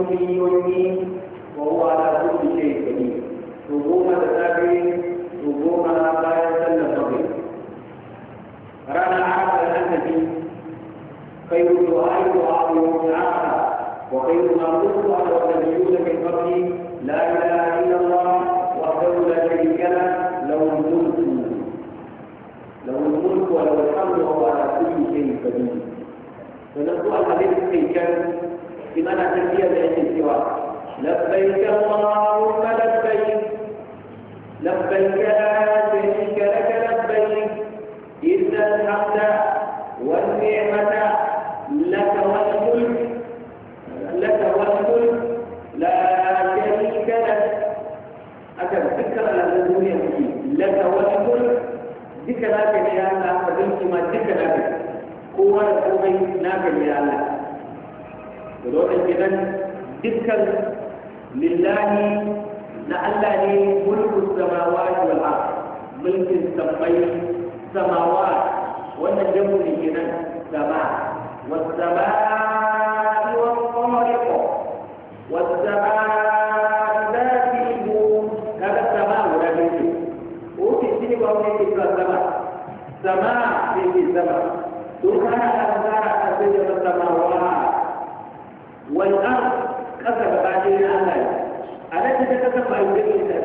يحيي ويميت وهو على كل شيء قدير ربما تتابعين ربما لا يزال صغير رانا عاد الأنبي خير الدعاء دعاء يوم العرفة وخير ما قلت على والنبيون من قبلي لا إله إلا الله وحده لا شريك له له الملك له الملك وله الحمد وهو على كل شيء قدير فنقول الحديث في كلمة بمعنى تسمية الانتواء لبيك اللهم لبيك لبيك لا شريك لك لبيك إن الحمد والنعمة لك والملك لك والملك لا شريك لك ذكر على الدنيا فيه لك والملك ذكر لك يا الله فذلك ما لك قوة قوة ناكل يا الله da domin تذكر لله لعله ملك السماوات والارض ملك السماوات wal ard mulkin sammai samawa wannan والسماء والطارق والسماء ذات البروج هذا السماء ولا بيت وفي السنة وفي السماء سماء في السماء تركها انا أسجد السماوات Wani ard kasa gaba ɗaya na Allah ne a ta kasa ba yi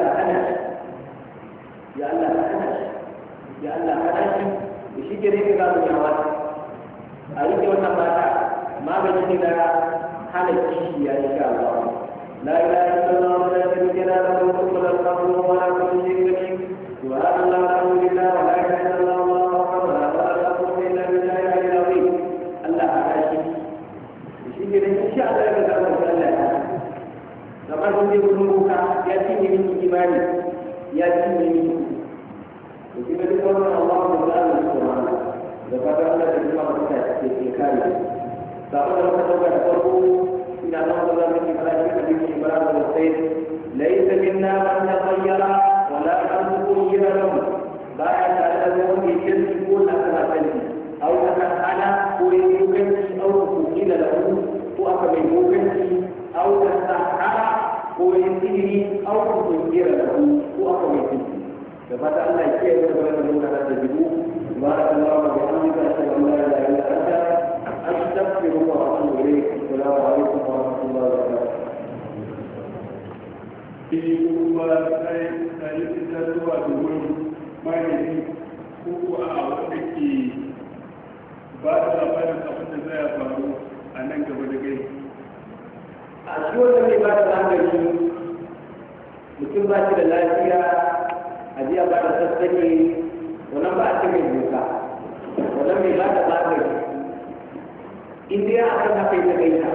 Allah لأنها hana لأنها ya Allah ka hana shi أريد أن ka ما shi da حدث شيء إن شاء الله لا إله إلا الله ولا شريك له له الملك وله الحمد وهو كل شيء كريم سبحان الله والحمد لله ولا إله إلا الله والله أكبر لا حول ولا قوة إلا بالله العلي العظيم الله على شيء شيء إن شاء الله يبدأ الله تعالى لقد يذنبك يأتيه من imani ya cinye miki to kina duk wannan Allah ta ta'ala subhanahu da fata Allah ta kuma mata ta ke kare sabon da muka dauka da farko ina nan da zamu yi fara cikin abin Ibrahim da Sayyid laysa minna man taghayyara wala an tughayyiru lahu baya tare da wanda ya kirki ko na kana kanki أو تفعل ويمكن أو تقيل له وأكمل ممكن أو تستحقق ko yin tiri aw ko ko gira da ku ko aw ko yin tiri da fata Allah ya kiyaye da barka da kada da dubu barakallahu bi amrika ta gamba da ila anta astaghfiru wa atubu ilayk assalamu alaikum wa rahmatullahi wa barakatuh ti ku ma sai sai ti ta tuwa da mun mai ne ku ku a wanda ke ba da bayan abin da zai faru a nan gaba da gaba a shi wanda mai ba da hankali mutum ba shi da lafiya a jiya ba da wannan ba a ce mai doka wannan mai ba da hankali in dai a kan haka ita gaita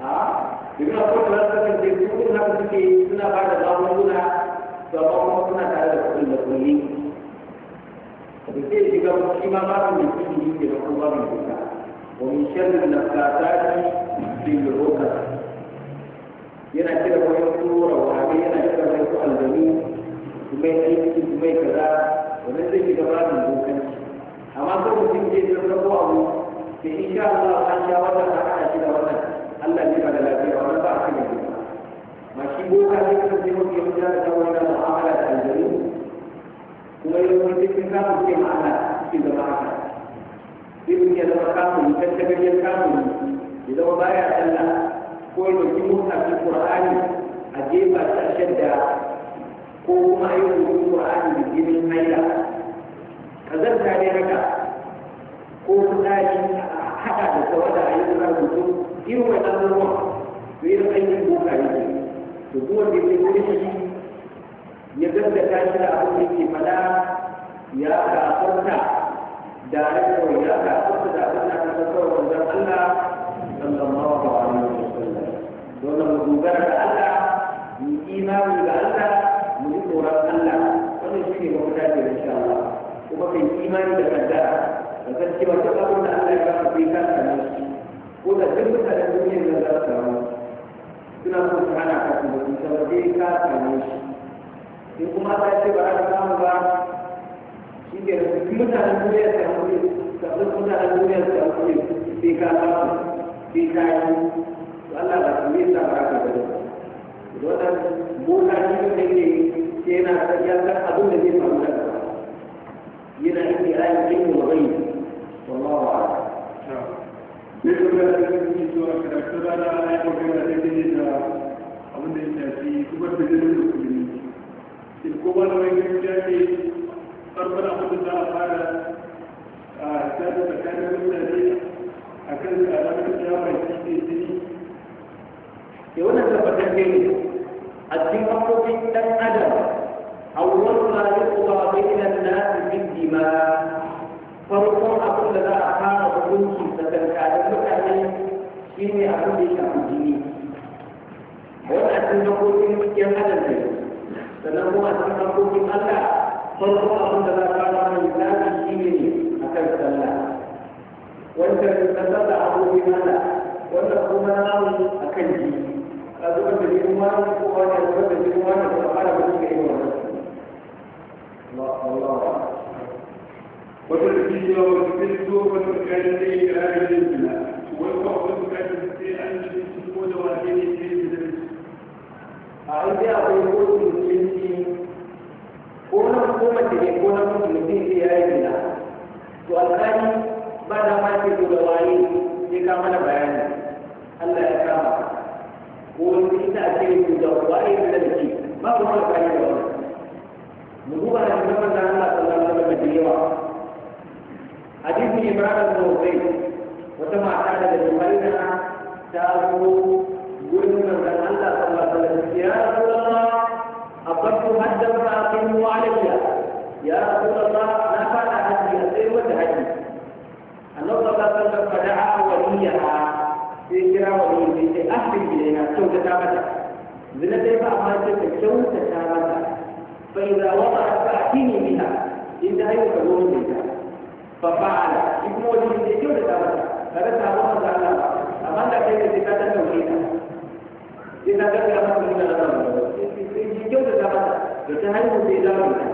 a domin a kowace za su kasance su kuma haka suke suna ba da magunguna to amma kuma suna tare da kuɗin da kulle da zai shiga shi ma ba su mai kuɗi ne da kuma ba mai doka ومن شر النفاثات في العقد yana kira wani tura wahabi yana kira wani su aljami mai aiki mai kaza wani zai shiga babin dokanci amma ko mutum ke jin rabo abu ke insha Allah an sha wannan an haɗa shi da wannan Allah ne ba da lafiya wannan ba a kan yanzu ba ma shi boka ne kan sai mutum ya mutu da kawo yana mu'amala kuma cikin irin ya zama kafin tattagariyar kafin ya zama baya sallah ko ya ɗauki mutafin qur'ani a jefa ta shadda ko kuma a yi rubutun qur'ani da jinin haila kazanta ne haka ko fitsari haɗa da tawada a yi rubutu irin wannan ruwan to irin aikin boka ne to kuma da ke kurshi ya gaskata shi da abin da ke fada ya kasanta da ya koyi ya kafa da abin da aka kafa wajen Allah sallallahu alaihi wa sallam dole mu dogara da Allah mu imani Allah mu yi tsoron Allah wannan shi ne mafita da Allah kuma kai imani da kaddara da san cewa duk abin da Allah ya baka kai ka shi ko da duk mutanen duniyar da za su samu suna so su hana ka su mutunta ba sai ka samu shi in kuma ta ce ba a ka samu ba ke mutanen duniya ta hakuri sabbin mutanen duniya ta hakuri sai ka ba su sai ka yi Allah ba su yi sa ba ka ba wannan boka shi ne ke yana ya san abin da zai faru da yana yin ra'ayin ilmi wa bai wallahu a'lam ne kuma da cikin zuwa karatu da ana yi magana da ke da abin da ya shafi kuma da zai da kuma da wani gaskiya ne farkon abin da za a fara a tsada tsakanin mutane a kan tsaron jama'a shi ne jini da wannan tabbatar ne a cikin haƙoƙin ɗan adam awwal ma yuqda bayna an-nas min dima farkon abin da za a fara hukunci tsakanin mutane shine abin da ya shafi jini wannan cikin haƙoƙin ɗan adam ne sannan kuma cikin haƙoƙin Allah farko abin da za ka fara misali shi ne a kan sallah wanda ta sallah abubuwan Allah wanda kuma namu a kan ji a zuba da jikin wani ko wani a zuba da jikin wani ko a fara mutum ga yin wannan وتأتيه وتكتبه وتكلمه إلى أهل البلاد ويقع وتكلم في أهل السكون وأهل البلاد. أعزائي أقول لكم ko na hukumar da ne ko na mutum zai ya yi bila to alƙali ba da ma ce to da waye sai ka bayani Allah ya kama ko wani ita a ce to da waye bila da ke ba ku mara da wani mu duba da kuma da Allah sallallahu alaihi da yawa hadisi Ibrahim bin Ubay wata mata daga Jumaina ta zo gurin manzon Allah sallallahu alaihi wasallam ya حضرت حدا فأقيموا عليها يا رسول الله نفع هدي أسير وتهدي النبي صلى الله عليه وسلم فدعا وليها في كرا وليه في أهل إلينا سوء تامتا زنتي فأمانتك سوء تامتا فإذا وضعت فأتيني بها إذا هي تقول بها ففعل ابن وليه سوء تامتا فلسها وضع الله أمانتك إذا كانت توحيدا sai ka ga ka masa nuna rana sai ki kyauta ta mata da ta hanyar da mata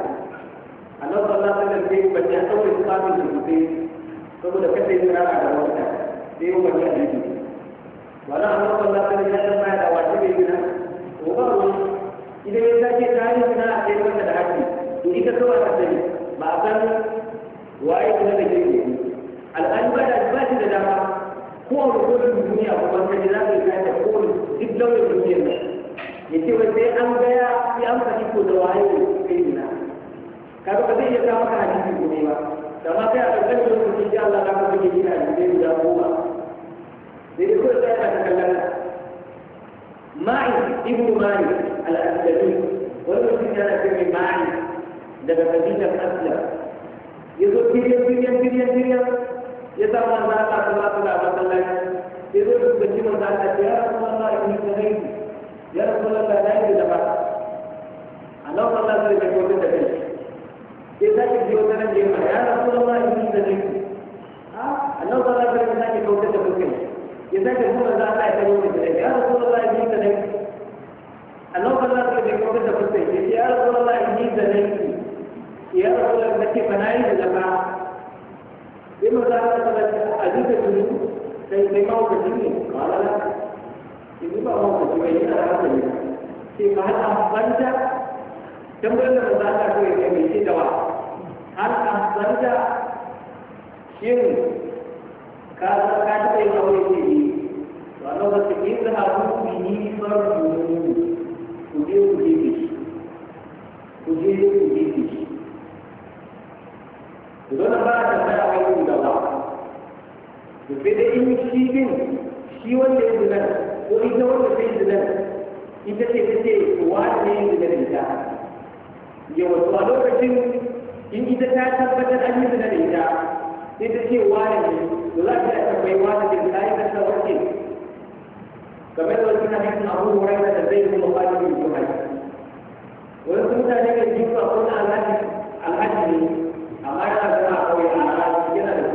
Allah sallallahu alaihi wasallam sai bace kawai tsafin da sai saboda kada yi rana da wata sai yau bace da shi wala Allah sallallahu alaihi ta ya da wata bai gina ko ba wani idan ya sake ta hanyar na a kai mata da haƙƙi to ita kawa ta sani ba a san waye kuma da ke al'adu ba da ba shi da dama هو دول الدنيا وما تجلال كان يقول جدا من الدنيا يتي وزي أن جاء في أمسا كيكو دوائي سيدنا كانوا قد يجعل إيه كان حديث الدنيا كما كان أبدا من إن شاء الله لكم بجدنا الدين جاءوا لذلك لا يتكلم معي ابن معي الأسلمي والمسلم كان في معي daga kabilar aslam ya zo biliyan biliyan biliyan biliyan ya sa man za ta kula kula a masallaci sai zo da gaji man za ta ya rasu Allah in ta kanai ya rasu Allah ta yi da ba a nan Allah ta bai kodin ta kai sai ta ki biyo ta nan da yamma ya rasu Allah in yi kanai a nan ta zai ta sake kodin ta kai ya sake kuma za ta yi ta da ya rasu Allah in ta kanai a nan Allah ta bai kodin ta kai ya rasu Allah in ta kanai ya rasu Allah ta bai sake kodin da kai ya ma za a ta da ta a ah, duka jini sai kai ma wata jini ba za ta ba ma wata jini bai yana rasa ne sai ma har amfanta don ba za a ta ta kawai kai mai ce da ba har amfanta shin ka za ta kai ma wata jini ba na wata ke ta hagu jini ba ku je ku je ku je ku je ku don ba ta tsaya a wani da ba da in shi din shi wanda ya ko ita wanda ta yi zinan ita ce ta ce wani ne ya zinan ita yawan a lokacin in ita ta tabbatar an yi zinan ita sai ta ce wani ne za ta ta tambayi wani ne ta yi kasa wace game da wasu hannun abu da da zai kuma wani ne ya zinan wani mutane ne jiwa ko na alhaji alhaji ne amma yana zama kawai a nan yana da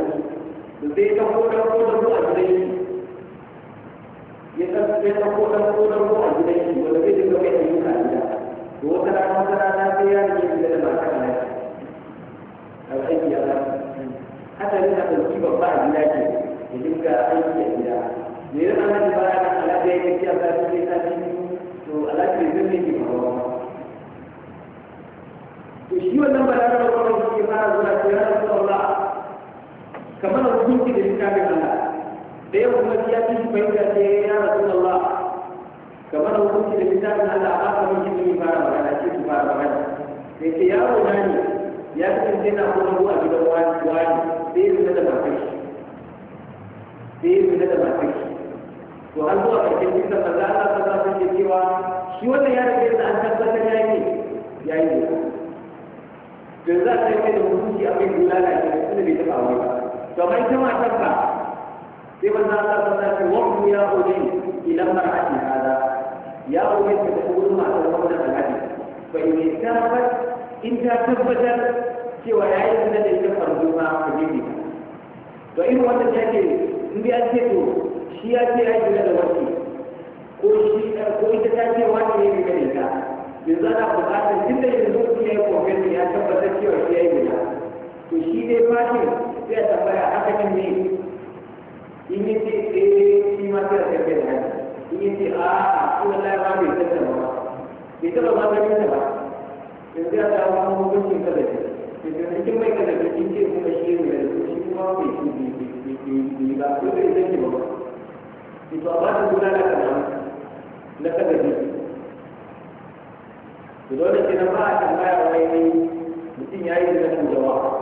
kuɗi zai ta ko da ko da ko a gidan shi ya ta zai ta ko da ko da ko a gidan shi wanda zai dinga kai ayyuka a gida to wata rana wata rana sai ya rike gida da mata a lafiya alhaji ya ba haka ne a ɗauki babba a gida ke ya dinga da littafin Allah da yau kuma ya ci shi fahimta ce ya rasulullah game da hukunci da littafin Allah ba ka miki sun fara magana ce su fara magana sai ce yaro na ne ya kasance na kuma ruwa gidan wani wani sai ya da matar shi sai ya da matar shi to har zuwa ƙarshen cikin maza Allah ta sa sun cewa shi ya rage da an tabbatar ya yi ya yi ne to a sai da hukunci a kai bai taɓa wani ba kamar ita ma kanka sai manzo ta ce wa ya hada ya ta in ta tabbatar cewa da ita farzu ma ka to in an ce to shi ya ce da wani ko shi ko ita ta ce wani ne ga ana buƙatar tunda yanzu ya yi kokarin ya tabbatar cewa shi ya yi to shi dai sai tambaya haka kin ne yi ce eh shi ma sai da kai da haka ce a a wallahi ba bai tsaya ba bai tsaya ba bai tsaya ba yanzu ya dawo an hukuncin kada shi yanzu kin mai kada shi kin ce kuma shi ne da shi kuma bai shi bai ba ko bai zai ba ito amma da guda na kana na shi to dole ke na ba a tambaya wai mutum yayi yi da jawabi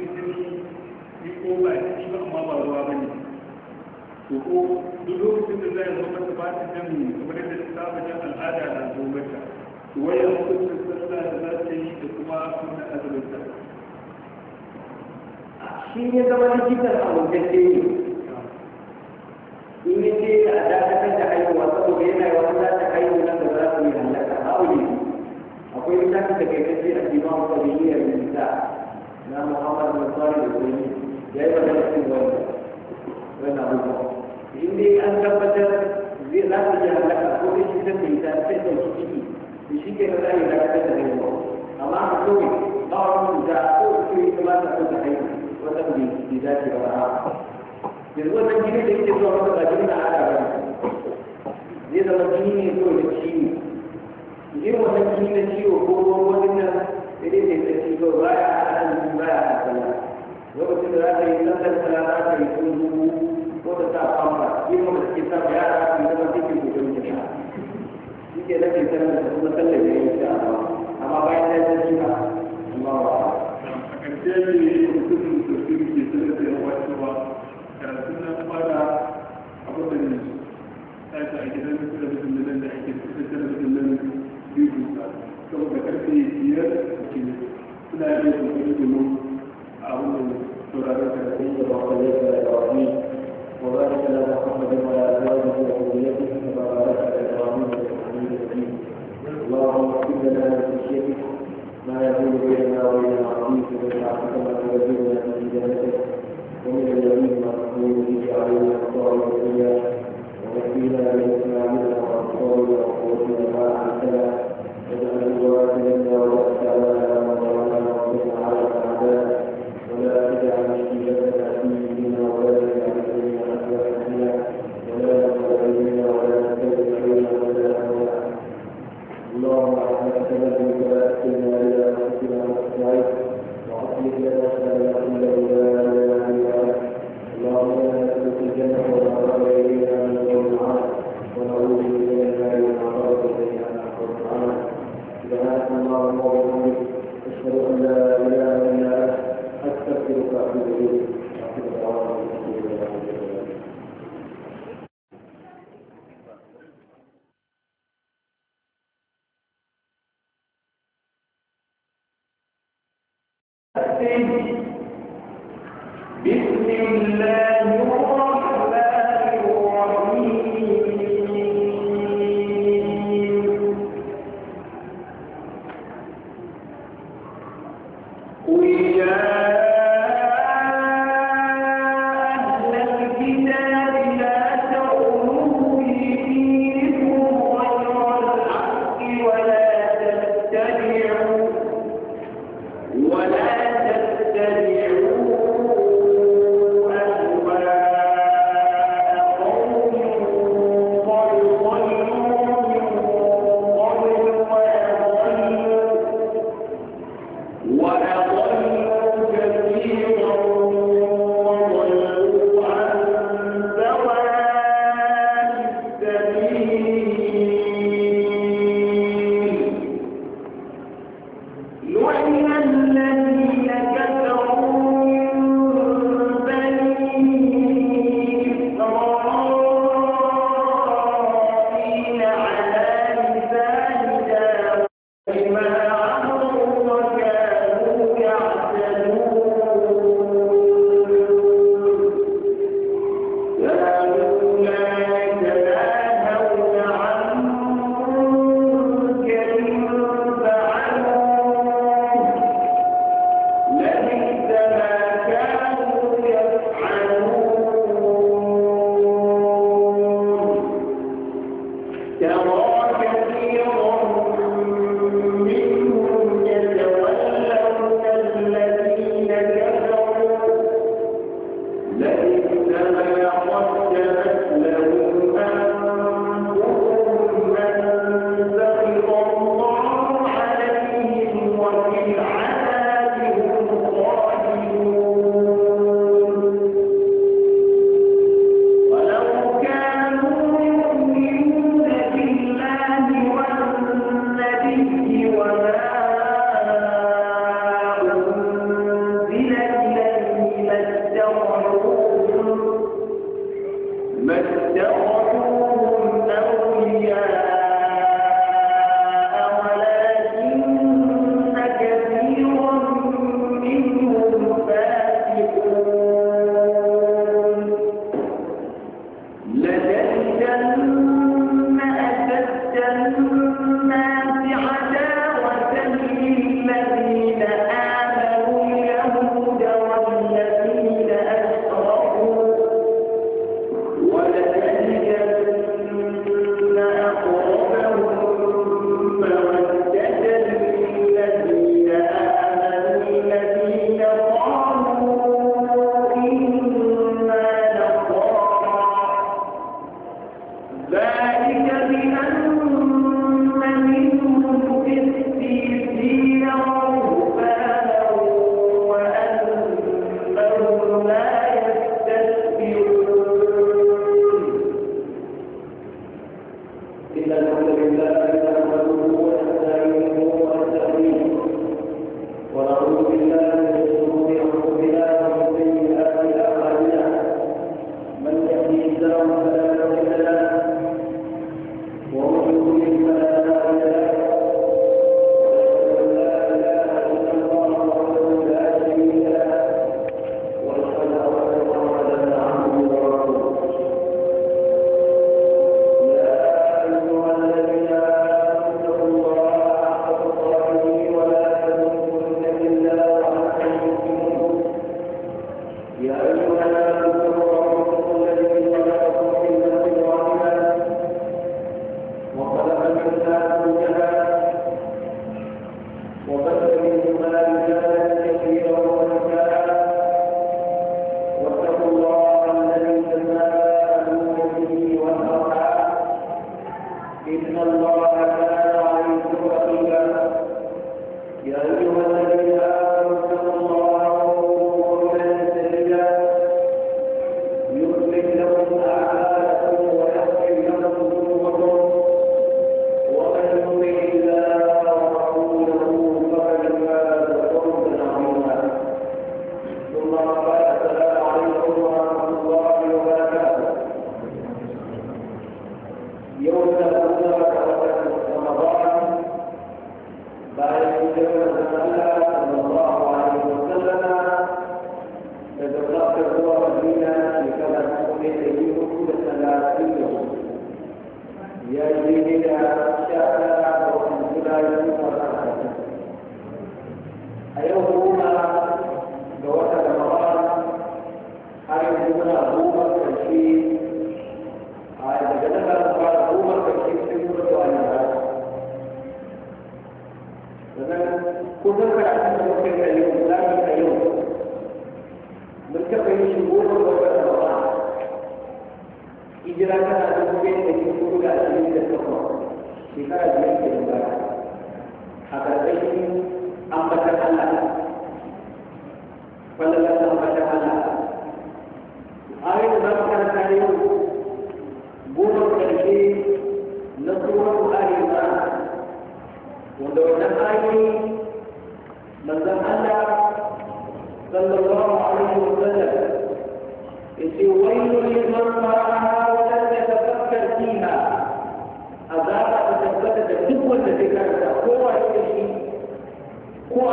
ko ba shi ba amma ba ruwa ba ne to ko duk lokacin da zai zo ba ta kamar yadda ta saba jan al'ada na waya hukuncin da za ta yi da kuma suna shi ne zama ne in ce a dakatar da haihuwa saboda yana yi wata ta haihu nan da za su yi akwai kai kace a na muhammad musari da kwaliliyar ya yi magana cikin in an tabbatar zai za su ji halaka ko a ko su yi ta ba ta zai zama jini ne jini na ko zai hana lokacin da za ka yi tsantar sana za ka yi sun zuku ko ta sa fama yin wanda suke sa ya yara su zama cikin gudun jama'a shi ke nake sanar da kuma sallar da ya yi amma bayan ya yi shi ba amma ba a ƙarshe ne mutumin da su ke sanar da yawa cewa karatun nan fara abin da ne ta a gidan talabijin nan da ake fitar talabijin nan biyu saboda karfe biyar da ke suna yin kokarin domin محمد وبارك على سيدنا وصليت على ابراهيم وبارك على محمد وعلى ازواجه وذريته كما باركت على ابراهيم وحميد مجيد اللهم اغفر لنا من خشيتك ما يكون بيننا وبين معصيتك ومن طاعتك ما تبلغنا به جنتك ومن اليمين ما تقول به علينا الصالح والسيئات ونجينا من اسماعيل وابصارنا وقوتنا ما اعزنا واجعل الوارث منا ولا Gracias. العالمين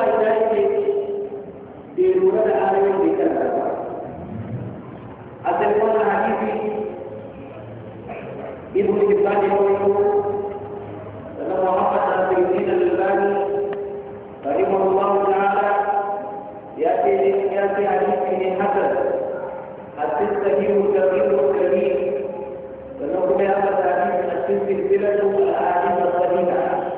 guda yake bai lura da ayoyin da ya karanta ba a sai wannan hadisi ibn Hibban ya rawaito daga Muhammad al-Sayyid al-Albani rahimahullah ta'ala ya ce ya ce hadisi ne hasan hadisi sahihu sahihu sahih sannan kuma ya fata hadisi a cikin silsilatu al-ahadith as-sahihah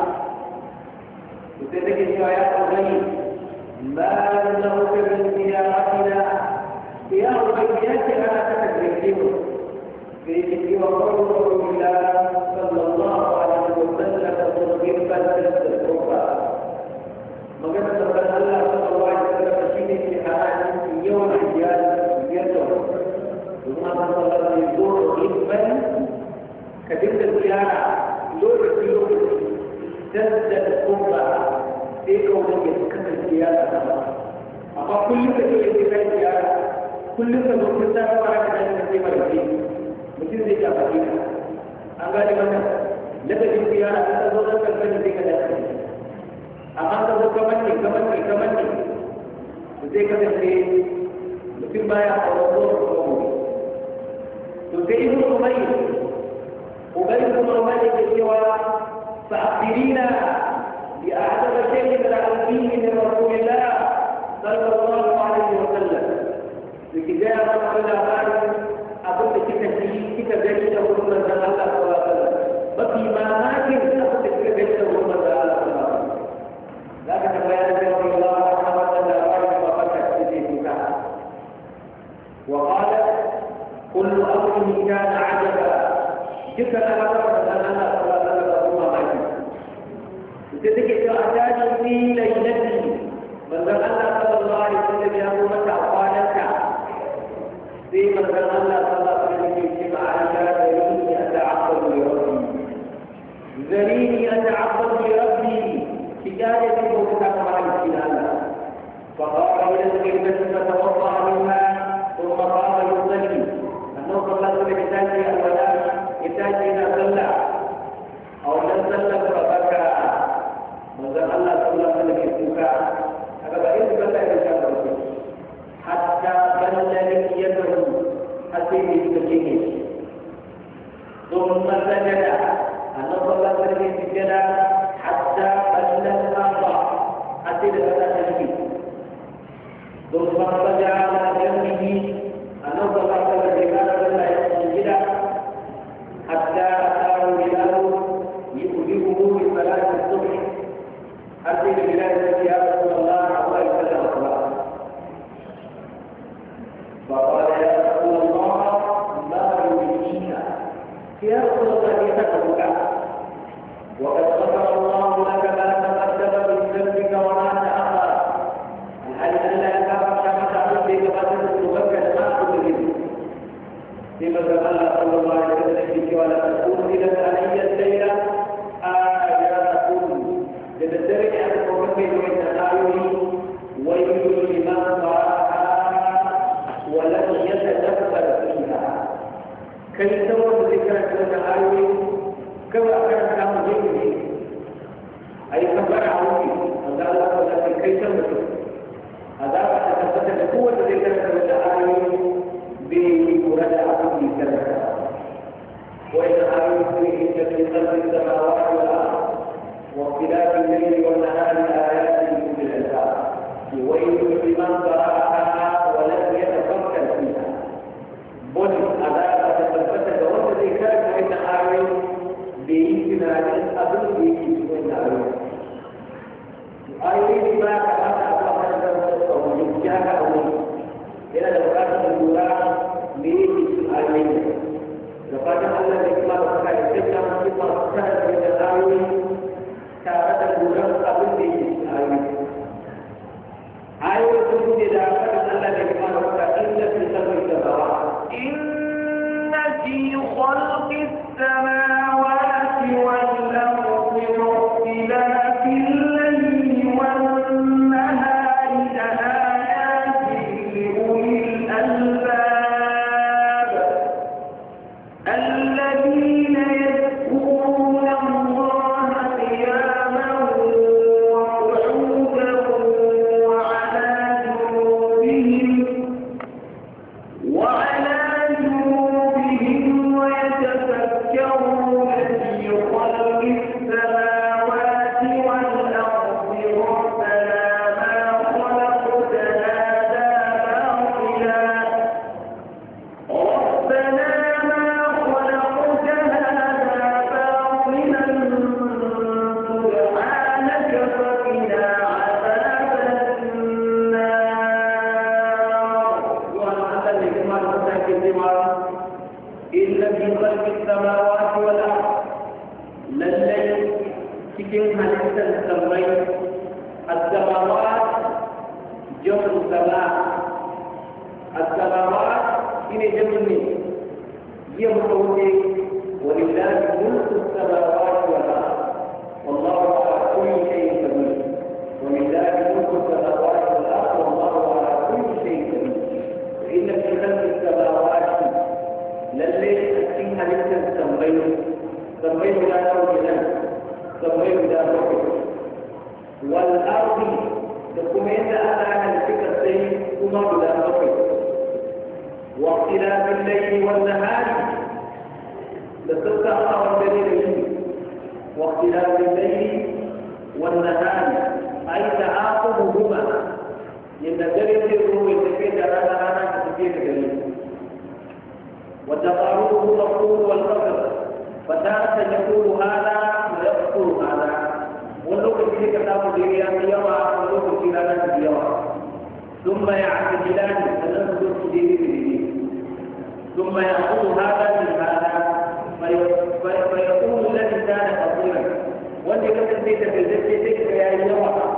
تتجد آيات الغيب ما لنهك من زيارتنا زيارة البيت على تتجدهم في ذكر رسول الله صلى الله عليه وسلم تطبيقا للتجربة مجد صلى الله صلى الله عليه وسلم تشيني في حالات يوم الجهاد يده ثم صلى الله عليه وسلم كتبت الزيارة لوحة لوحة تبدأ القربة sai kaunar ya fi kasance ya zama amma kullum da ke zai kai ziyara kullum da mutum da zai mara mutum zai shafa ka an gane mana ladabin ziyara ta ta zo nan kankani zai ka dace amma ta zo kamar ne kamar ne kamar ne zai kasance mutum baya a ko wasu to sai ibn umayy ubayy kuma malik ya cewa fa بأعجب شيء بدأوا من رسول الله صلى الله عليه وسلم لكتاب على غالب أقول كتاب كتاب جديد أقول من ذا الله صلى الله عليه وسلم بقي ما ماكن أقول كتاب جديد أقول من الله صلى الله عليه وسلم لكن الله رضي الله عنه وسلم غالب وفتح سيدي وقال كل أمر كان عجبا جدا أمر من ذا الله تذكر أتانا في ليلتي فذكر الله صلى الله عليه وسلم يا أبو متى أقوالك في مذكر الله صلى الله عليه وسلم يجب على ذلك أتعبد لربي ذريني أتعبد لربي حكاية موتك مع الكلام فقام إلى الكلمة فتوضأ منها ثم قام يصلي أنه صلى الله عليه وسلم يحتاج إلى الولاء يحتاج إلى صلى أو لم صلى فبكى Maka Allah Taala memberi buka agar baik dibaca dan dicatat. Hatta benda yang hati ini terkini. Tumpah saja dah. Allah memberi buka dah. Hatta benda hati dapat terkini. Tumpah saja. إن في خلق السماوات للي فيها حديثا سميه سميه لا توجدا سميه لا توجدا والأرض تقوم إذا أتاها الفكر سيد كما لا توجدا واختلاف الليل والنهار لتبقى أمر دليل واختلاف الليل والنهار أي تعاقبهما إن يتجرد الروح تكيد على كيف جميل والتقارب القبول والقدر فتارة يقول هذا ويقول هذا ولوك في كتاب ديريان يرى ولوك في لنا يرى ثم يعتدلان فننظر في دين ثم يقول هذا من هذا فيقول الذي كان قصيرا وانت كتب في تفلسفه تلك يا يرى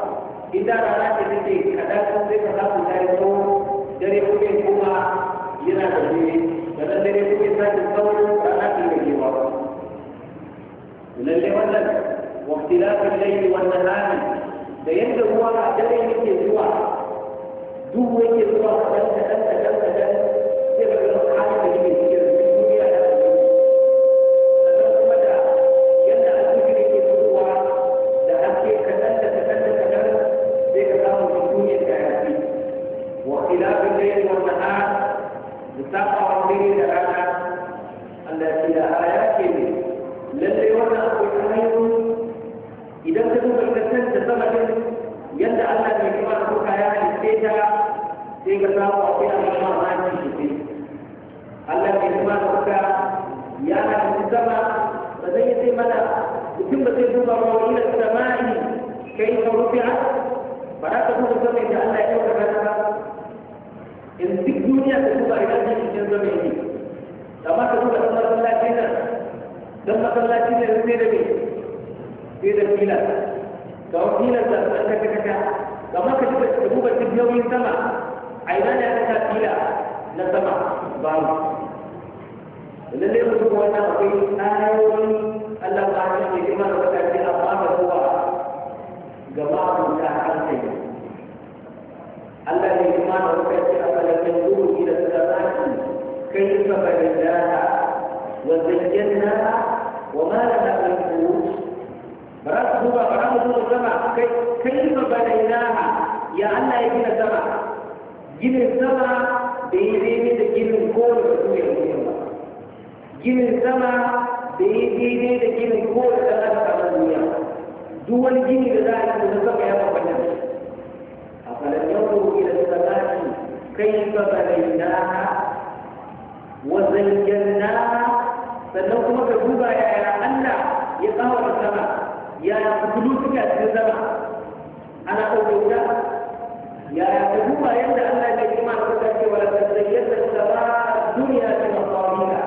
إذا رأيت في كذا كذا كذا dare kuma kuma yana da ne da nan dare kuma ya sake tsawon rana ta yi kewa lalle wannan waktilafin laili wannan rani da yadda ruwa a dare yake zuwa duk yake zuwa kaɗan kaɗan kaɗan kaɗan sai ga halin da yake فيك الله وفيها الله ما يمشي الذي لما تركا يانا في السماء فزي ملا يتم تنظر الى السماء كيف رفعت فلا تكون السماء اذا الله يوم كذا ان في الدنيا تكون الى الجنه زميلي كما تقول صلى الله عليه وسلم لما صلى الله عليه وسلم في ذكيلة كما كيلة كما كتبت كتبت في اليوم السماء a ina ne aka sa fila na sama babu lalle mutum wannan akwai ayoyi Allah ta hanyar da girma da wata ce amma da kowa ga babu ta harsai Allah ne girma da wata ce a falakin duru ila sarati kai ka bayyana wa zayyana wa ma lana min furuj bara su ba bara mu sama kai kai ka bayyana ya Allah ya gina sama ginin sama da yi daidai da ginin kowane mutum ya mutum ba ginin sama da yi daidai da ginin kowane ɗan adam a kan duniya duk wani gini da za a yi da sama ya bambanta shi a falon yau da wuce da salati kai fa balainaha wa zayyannaha sannan kuma ka duba ya yaya Allah ya tsawa da sama yaya fitilu suke a cikin sama ana ɗauke wuta Yaya yi duba yadda Allah ke kima da kasance wa lafiya da yadda suka ba duniya ta mafamina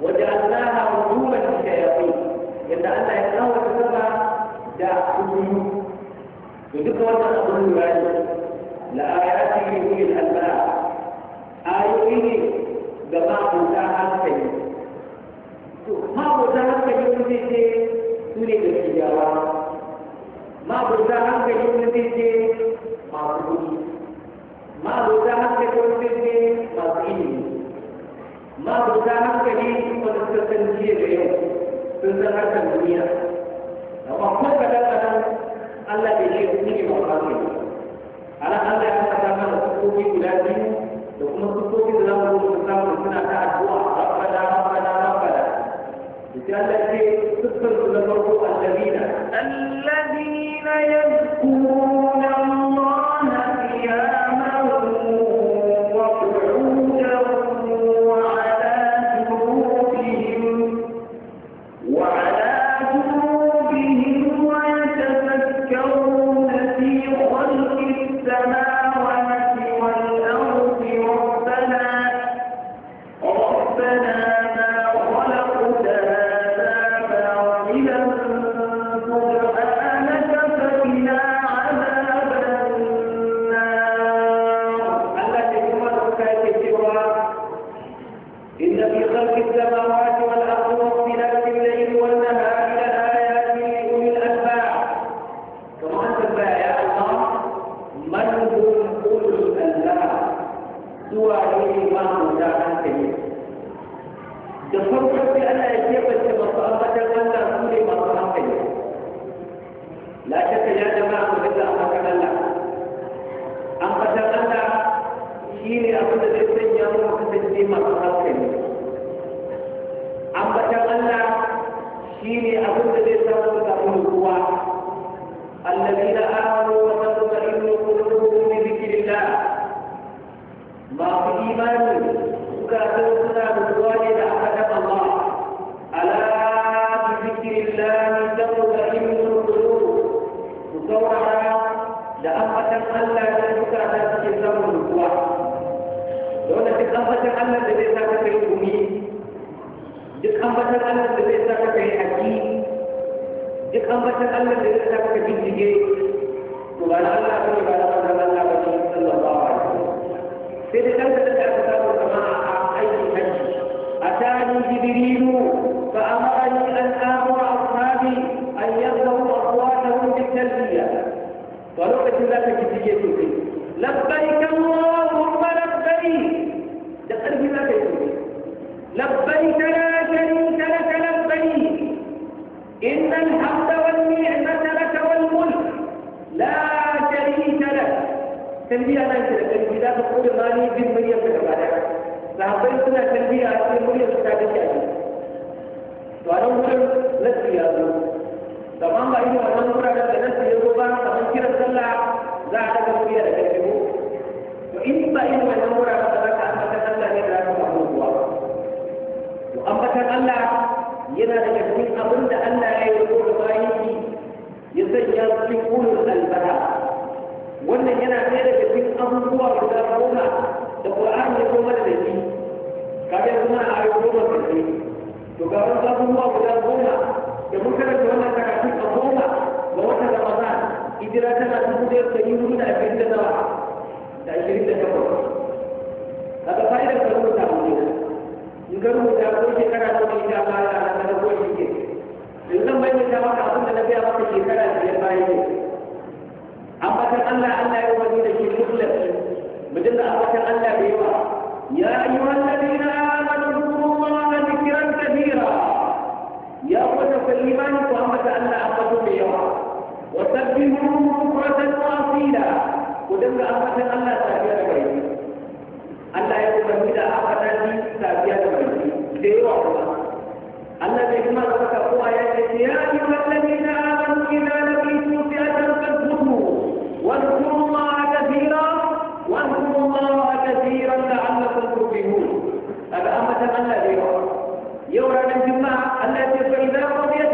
wajen Allah na hukumar da ke yabo yadda Allah ya kawo ta da hukumu da duka wannan abin da ya yi murya sai murya su ta kake a to a nan wurin nasi ya zo ba irin wannan wuraren da nasi ya zo ba kamar kiran sallah za a daga murya da kake ko to in ba irin wannan wuraren da za ka ambata Allah ne da za ka kuwa to ambatan Allah yana daga cikin abin da Allah ya yi ko da shi ya sanya cikin ulul albara wannan yana ɗaya daga cikin abubuwa guda goma da Qur'ani ya koma da shi kaga yanzu muna ayo goma sosai to ga wasu abubuwa guda goma da mun karanta wannan karatun a goma ga watan ramadan hijira tana dubu da ɗari hudu da ashirin da nawa da ashirin da takwas kaga fa'idar ka rubuta mu ne in ka rubuta ko shekara ta mai sha baya a ranar ko shi ke in zan bayyana maka abin da na gaya maka shekara ya baya ne ambatan Allah Allah ya wani da shi mutlaki mu dinga ambatan Allah da yawa يا أيها الذين آمنوا اذكروا الله ذكرا كثيرا يا أخوة الإيمان فهمت أن أخذوا بيوا وسبحوه بكرة وأصيلا ودمت أخذ الله سابيا بيتي الله يقول إذا أخذني سابيا بيتي ديوا الله الذي كما ذكر هو يا أيها الذين آمنوا إذا لم san Allah da yawa yau ranar juma'a Allah ya ce fa idza qudiya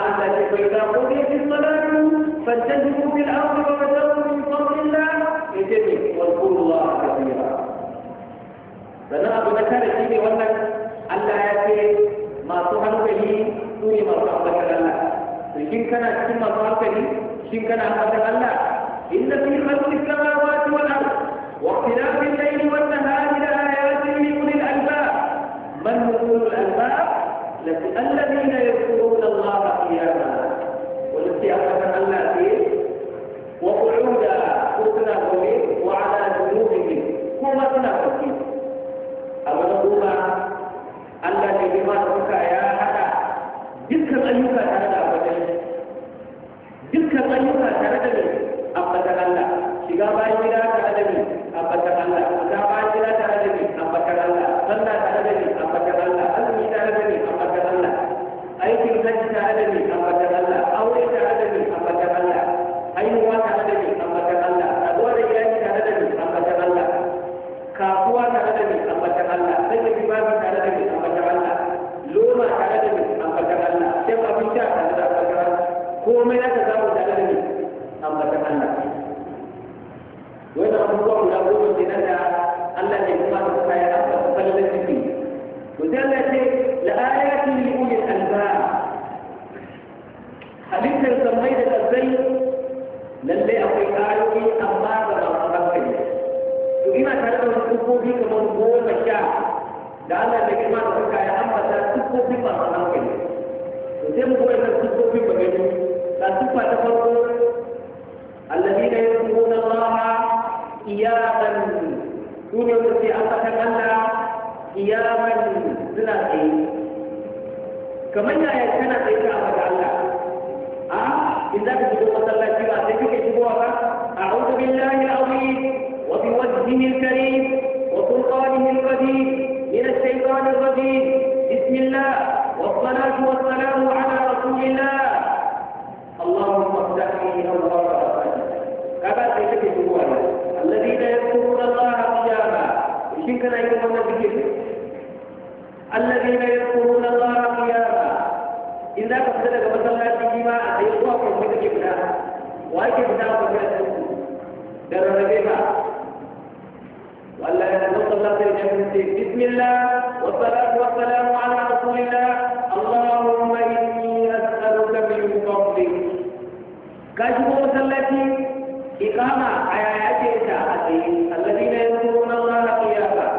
أتى فإذا قضيت الصلاة فانتشروا في الأرض وابتغوا من فضل الله لجميع واذكروا الله كثيرا sannan abu na kare shi ne wannan Allah ya ce masu hankali su ne masu ambatan Allah shin kana cikin masu hankali shin kana ambatan Allah inna fi khalqi samawati wal ard wa ikhtilafi al-layli wan nahari la ayatin li ulil albab man ulul albab الذين يذكرون الله قياما ونسي أكثر الله فيه وقعودا كنا قومين وعلى جنوبهم كما كنا قومين أما نقول الذي بما ترك يا هذا ذكر أيها هذا أبدا ذكر أيها هذا أبدا الله shiga bayan gida tare da ni ambatan Allah fita bayan gida tare da ni ambatan Allah sallah tare aikin hajji sukofi kamar goma sha da Allah da girma da suka ya ambata sukofi masu hankali to sai mu koyi nan sukofi ba gani ga sufa ta farko alladina yasmuna Allah iyaman duniya da sai ambatan Allah iyaman suna tsaye kamar yaya kana tsaye ka ambata Allah a in za ka shigo masallaci ba sai kake shigowa ba a'udhu billahi al-azim وبوجهه الكريم وسلطانه القديم من الشيطان الرجيم بسم الله والصلاة والسلام على رسول الله اللهم افتح لي أبواب كما سيكتب الجوال الذين يذكرون الله قياما شكرا ايها النبي الذين يذكرون الله قياما إذا قصدك مثلا فيما يطوف من ذكرنا وأجب نعم من ذكرنا درجة وألا يتوقف الله في الجنة بسم الله والصلاة والسلام على رسول الله اللهم إني أسألك من فضلك كشف مسلتي إقامة آياتك الذين يذكرون الله قياما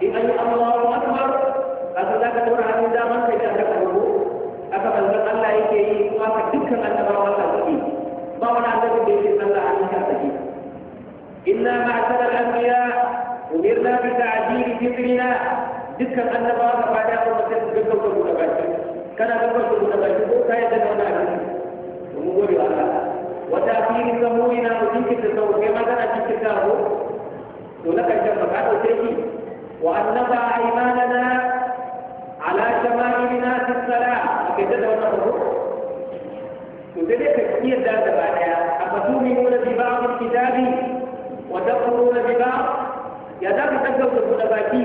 بأن الله أكبر فصدق القرآن إذا من تجاهك aka manzon Allah yake yi kuma ka dukkan annabawa Allah suke ba wani annabi da yake sallah an ka take inna ma'asara al-anbiya أمرنا بتعجيل ذكرنا ذكر أن بعض بعد أمر ذكر كل مباشر كان ذكر كل مباشر وكاية هنا ومقول الله وتأخير ثمورنا وذكر الثمور كما كان ذكره ولك الجنة بعد ذلك وأن نضع أيماننا على شمائلنا في الصلاة أكيد هنا الروح وذلك كثير ذات بعدها أفتؤمنون ببعض الكتاب وتكفرون ببعض ya za ka gaggauta buɗe baki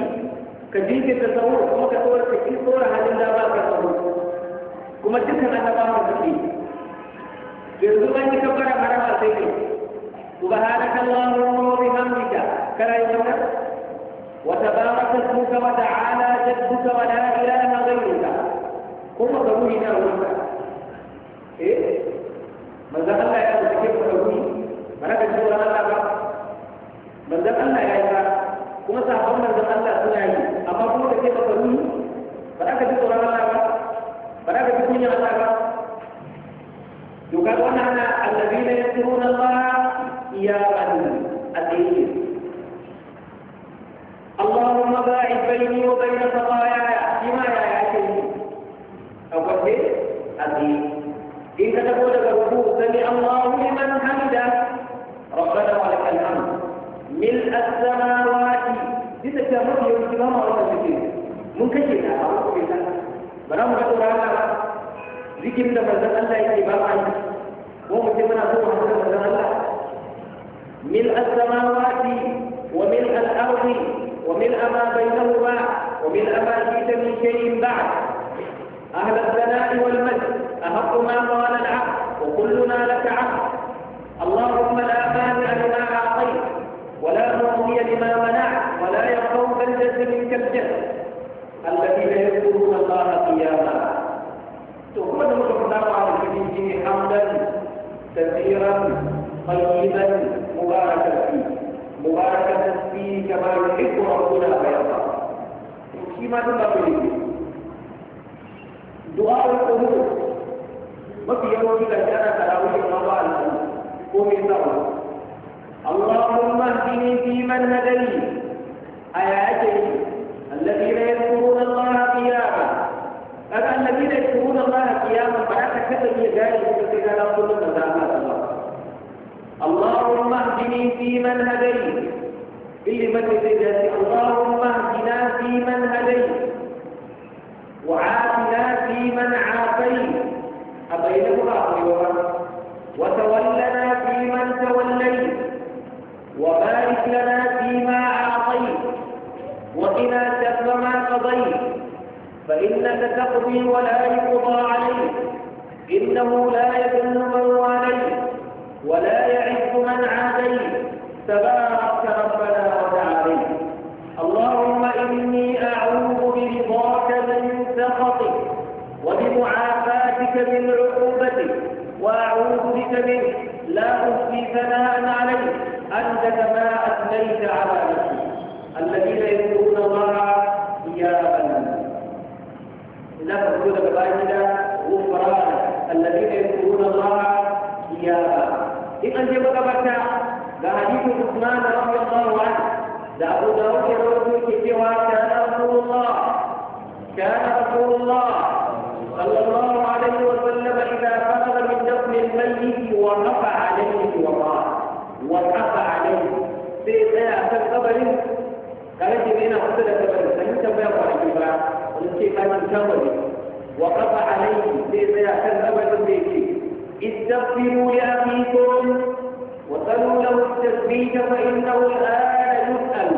ka jirgin ta sahu kuma ka tsawar ka ki tsora halin da ba ka sahu kuma dukkan annabawa da suke yanzu an yi kabbara marama sai kai سبحانك اللهم وبحمدك كما يقول وتبارك اسمك وتعالى جدك ولا اله غيرك كما تقول هنا ايه من ذا الله يا ابو كيف تقول ملك الجوع الله من ذا ya يا kuma sahabban manzon Allah suna yi amma kuma da kai baka yi ba za ka ji tsoron Allah ba ba za ka ji kunyar Allah ba to ka ga wannan ana allazina yakuruna Allah iyaban adiyyin اللهم باعد بيني وبين خطاياي بما لا يعتني أو قد أدين إن تقول له سمع الله لمن حمده ربنا ولك الحمد من السماوات ديتا كامو ديو كيما ما ولا ديتي مون كاجي لا او كيتا برامو دو رانا ديكيم دا بلدا الله اي با ما اي مو مكي منا دو حدا بلدا من السماوات ومن الارض ومن ما بينهما ومن ما في من شيء بعد اهل الثناء والمجد اهب ما مراد دعاء ما في يوم قوم اللهم اهدني فيمن هديت آياتي الذين يذكرون الله قياما أما الذين يذكرون الله قياما فلا تكتب يداني فإذا لم تكن مدامات الله اللهم اهدني فيمن هدني اللي ما تزيد الله من هديت وعافنا فيمن عافيت أبينهما خيرا وتولنا فيمن توليت وبارك لنا فيما أعطيت وقنا شر ما قضيت فإنك تقضي ولا يقضى عليك إنه لا يذل من واليت ولا يعز من عاديت تبارك أتيت به لا أبقي ثناء عليه أنت كما أثنيت على نفسك الذين يذكرون الله قياما إذا تقول كبائنا غفرانا الذين يذكرون الله قياما إذا جبت بكى لحديث عثمان رضي الله عنه لأبو داود في سوى كان رسول الله كان رسول الله صلى الله عليه وسلم إذا فقد من الميت وقف عليه وقال وقف عليه في tsaya a قالت kabarin kare shi ne yana kusa da kabarin an yi tambaya kwanaki ba wani ce kafin kabari wa kafa alaihi sai وصلوا له التثبيت فإنه الآن يسأل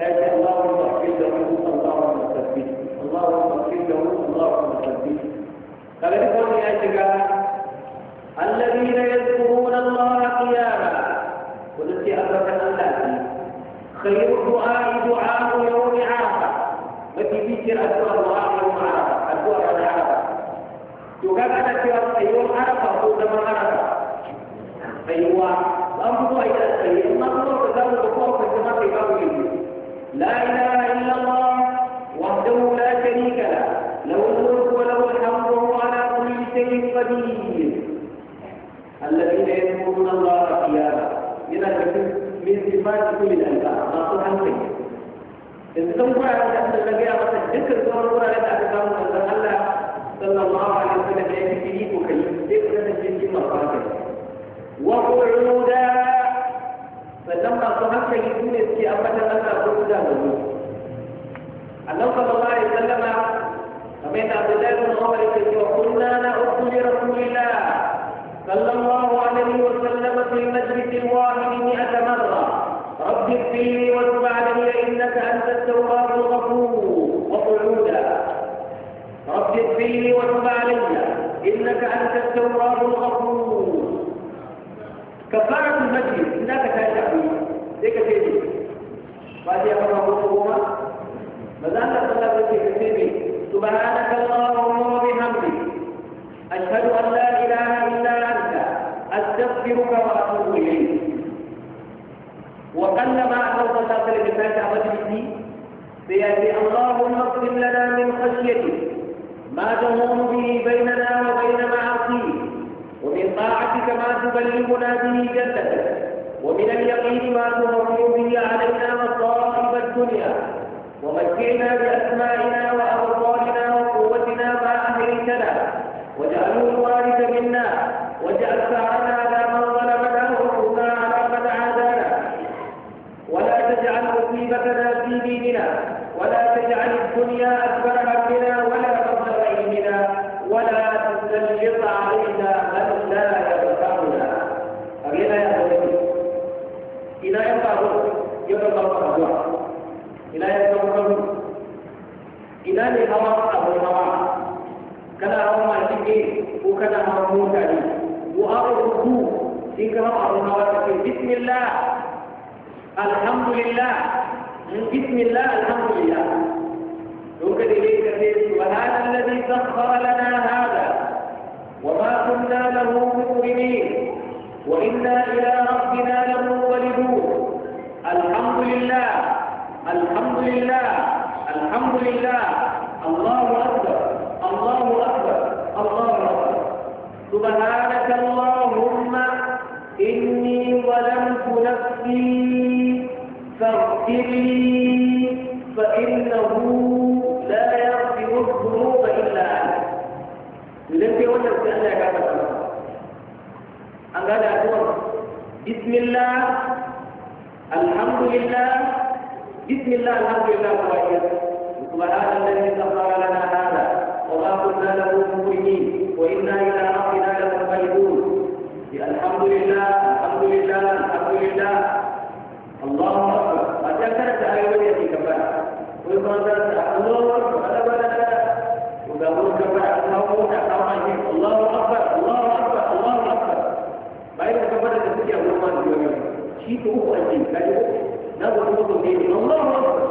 لكن اللهم اغفر له اللهم اغفر له اللهم اغفر له الله اغفر له قال لكم يا شباب الذين يذكرون الله قياما قلت أبدا الله خير دعاء دعاء يوم عافا متي بكر أدعو الله يوم عافا أدعو الله يوم عافا أيوة. قلت ما أيوة الأمر إلى السيد الله تزال بقوة في لا إله إلا الله الله القيامة إذا كنت من صفات كل الأنباء ما تحن فيه إن تنقل على أن النبي أمس الذكر تنقل على أن أكثر من الله صلى الله عليه وسلم يكفيه وكيف ذكر الجنس مصادر وقعودا فلما صحبت يكون في أمة الله قعودا وجودا أنه صلى الله عليه وسلم فبين عبد الله بن عمر وقلنا نعود لرسول الله صلى الله عليه وسلم في المجلس الواحد مئة مرة رب اغفر لي وتب علي إنك أنت التواب الغفور وقعودا رب اغفر لي وتب علي إنك أنت التواب الغفور كفارة المجلس هناك تاجع ذيك تيجي بعد يا مرة بطوما ماذا أنت صلى الله عليه سبحانك اللهم وبحمدك أشهد أن لا إله إلا انت أستغفرك وأتوب إليك وقل ما أنوت تاكل بالناس أمجلسي بيأتي اللهم اقسم لنا من خشيتك ما تهون به بيننا وبين معاصيك ومن طاعتك ما تبلغنا به جنتك ومن اليقين ما تهون به علينا مصائب الدنيا ومتعنا بأسمائنا وأبصارنا وقوتنا ما أهلكنا واجعله الوارث منا واجعل ثارنا da hawa abin hawa kana hawa masu ke ko kana hawa mota ne ko hawa ruku sai ka hawa abin hawa ka ce bismillah alhamdulillah bismillah alhamdulillah don ka dai ka ce subhana alladhi sakhkhara lana hada وما كنا له مؤمنين وإنا إلى ربنا لمنقلبون الحمد لله الحمد لله الحمد لله الله أكبر الله أكبر الله أكبر سبحانك اللهم إني ظلمت نفسي فاغفر لي فإنه لا يغفر الذنوب إلا أنت لم يولد بأن يكافئ أن هذا بسم الله الحمد لله بسم الله الحمد لله وإياك سبحان الذي سخر لنا هذا وما كنا له مكرمين وإنا إلى ربنا لمنقلبون الحمد لله الحمد لله الحمد لله الله أكبر أتكلمت أيوة يدي كفاء ويقول الله أكبر أنا ولا أنا وقالوا كفاء الله أكبر الله أكبر الله أكبر الله أكبر بعد كفاء تسجي الله أكبر شيء أخرى جدا نقول لكم الله أكبر